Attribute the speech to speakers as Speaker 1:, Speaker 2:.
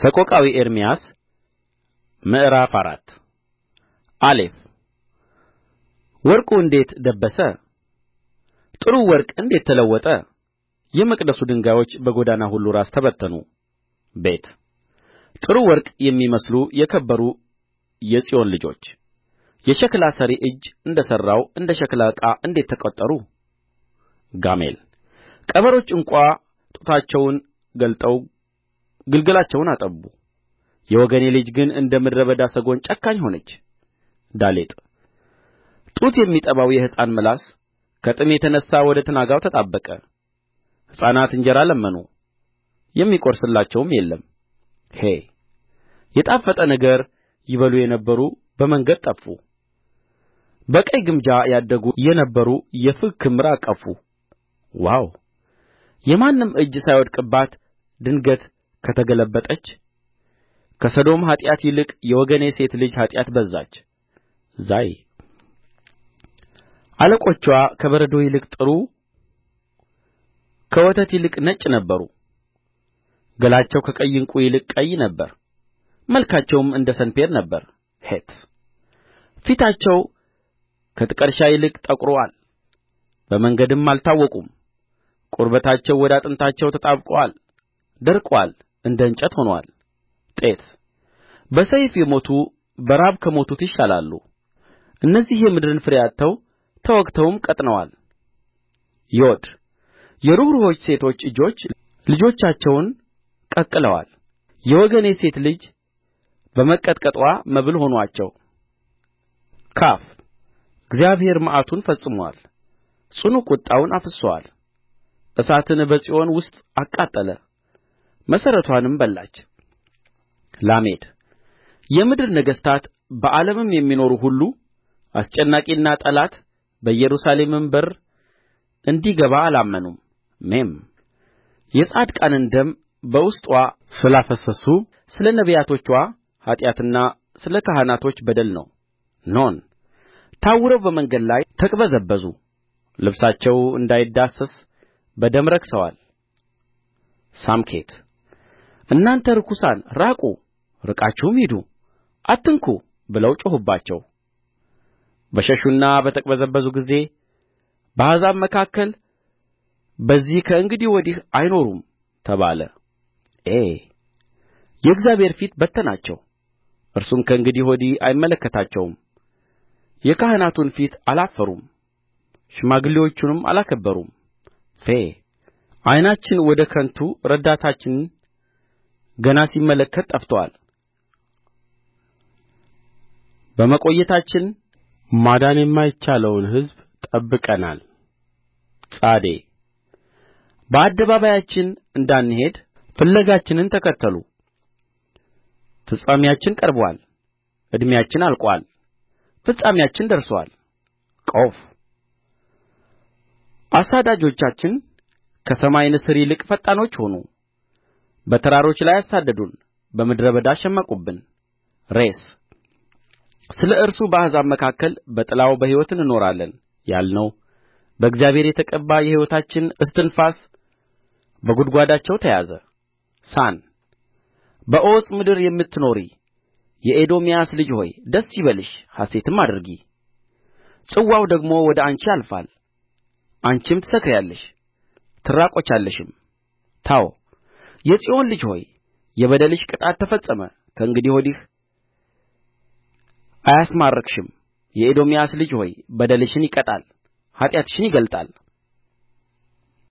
Speaker 1: ሰቆቃዊ ኤርምያስ ምዕራፍ አራት አሌፍ ወርቁ እንዴት ደበሰ ጥሩው ወርቅ እንዴት ተለወጠ የመቅደሱ ድንጋዮች በጎዳና ሁሉ ራስ ተበተኑ ቤት ጥሩ ወርቅ የሚመስሉ የከበሩ የጽዮን ልጆች የሸክላ ሠሪ እጅ እንደ ሠራው እንደ ሸክላ ዕቃ እንዴት ተቈጠሩ ጋሜል ቀበሮች እንኳ ጡታቸውን ገልጠው ግልገላቸውን አጠቡ የወገኔ ልጅ ግን እንደ ምድረ በዳ ሰጐን ጨካኝ ሆነች ዳሌጥ ጡት የሚጠባው የሕፃን ምላስ ከጥም የተነሣ ወደ ትናጋው ተጣበቀ ሕፃናት እንጀራ ለመኑ የሚቈርስላቸውም የለም ሄ የጣፈጠ ነገር ይበሉ የነበሩ በመንገድ ጠፉ በቀይ ግምጃ ያደጉ የነበሩ የፍግ ክምር አቀፉ ዋው የማንም እጅ ሳይወድቅባት ድንገት ከተገለበጠች ከሰዶም ኃጢአት ይልቅ የወገኔ ሴት ልጅ ኃጢአት በዛች ዛይ አለቆችዋ ከበረዶ ይልቅ ጥሩ ከወተት ይልቅ ነጭ ነበሩ ገላቸው ከቀይ ዕንቍ ይልቅ ቀይ ነበረ መልካቸውም እንደ ሰንፔር ነበረ ሔት ፊታቸው ከጥቀርሻ ይልቅ ጠቍሮአል በመንገድም አልታወቁም ቁርበታቸው ወደ አጥንታቸው ተጣብቆአል ደርቆአል እንደ እንጨት ሆኖአል ጤት በሰይፍ የሞቱ በራብ ከሞቱት ይሻላሉ እነዚህ የምድርን ፍሬ አጥተው ተወግተውም ቀጥነዋል ዮድ የርኅሩኆች ሴቶች እጆች ልጆቻቸውን ቀቅለዋል የወገኔ ሴት ልጅ በመቀጥቀጥዋ መብል ሆኑአቸው ካፍ እግዚአብሔር መዓቱን ፈጽሞአል ጽኑ ቍጣውን አፍስሶአል እሳትን በጽዮን ውስጥ አቃጠለ መሠረትዋንም በላች ላሜድ የምድር ነገሥታት በዓለምም የሚኖሩ ሁሉ አስጨናቂና ጠላት በኢየሩሳሌምም በር እንዲገባ አላመኑም ሜም የጻድቃንን ደም በውስጥዋ ስላፈሰሱ ስለ ነቢያቶችዋ ኃጢአትና ስለ ካህናቶች በደል ነው ኖን ታውረው በመንገድ ላይ ተቅበዘበዙ ልብሳቸው እንዳይዳሰስ በደም ረክሰዋል ሳምኬት እናንተ ርኩሳን ራቁ ርቃችሁም ሂዱ አትንኩ ብለው ጮኹባቸው በሸሹና በተቅበዘበዙ ጊዜ በአሕዛብ መካከል በዚህ ከእንግዲህ ወዲህ አይኖሩም ተባለ ዔ የእግዚአብሔር ፊት በተናቸው እርሱም ከእንግዲህ ወዲህ አይመለከታቸውም የካህናቱን ፊት አላፈሩም ሽማግሌዎቹንም አላከበሩም ፌ ዓይናችን ወደ ከንቱ ረዳታችን ገና ሲመለከት ጠፍቶአል በመቆየታችን ማዳን የማይቻለውን ሕዝብ ጠብቀናል ጻዴ በአደባባያችን እንዳንሄድ ፍለጋችንን ተከተሉ ፍጻሜያችን ቀርቦአል ዕድሜያችን አልቆአል ፍጻሜያችን ደርሶአል ቆፍ አሳዳጆቻችን ከሰማይ ንስር ይልቅ ፈጣኖች ሆኑ በተራሮች ላይ አሳደዱን በምድረ በዳ ሸመቁብን ሬስ ስለ እርሱ በአሕዛብ መካከል በጥላው በሕይወት እንኖራለን ያልነው በእግዚአብሔር የተቀባ የሕይወታችን እስትንፋስ በጕድጓዳቸው ተያዘ ሳን በዖፅ ምድር የምትኖሪ የኤዶምያስ ልጅ ሆይ ደስ ይበልሽ ሐሤትም አድርጊ ጽዋው ደግሞ ወደ አንቺ ያልፋል አንቺም ትሰክሪአለሽ ትራቆቻለሽም። ታው የጽዮን ልጅ ሆይ የበደልሽ ቅጣት ተፈጸመ ከእንግዲህ ወዲህ አያስማርክሽም የኤዶምያስ ልጅ ሆይ በደልሽን ይቀጣል ኃጢአትሽን ይገልጣል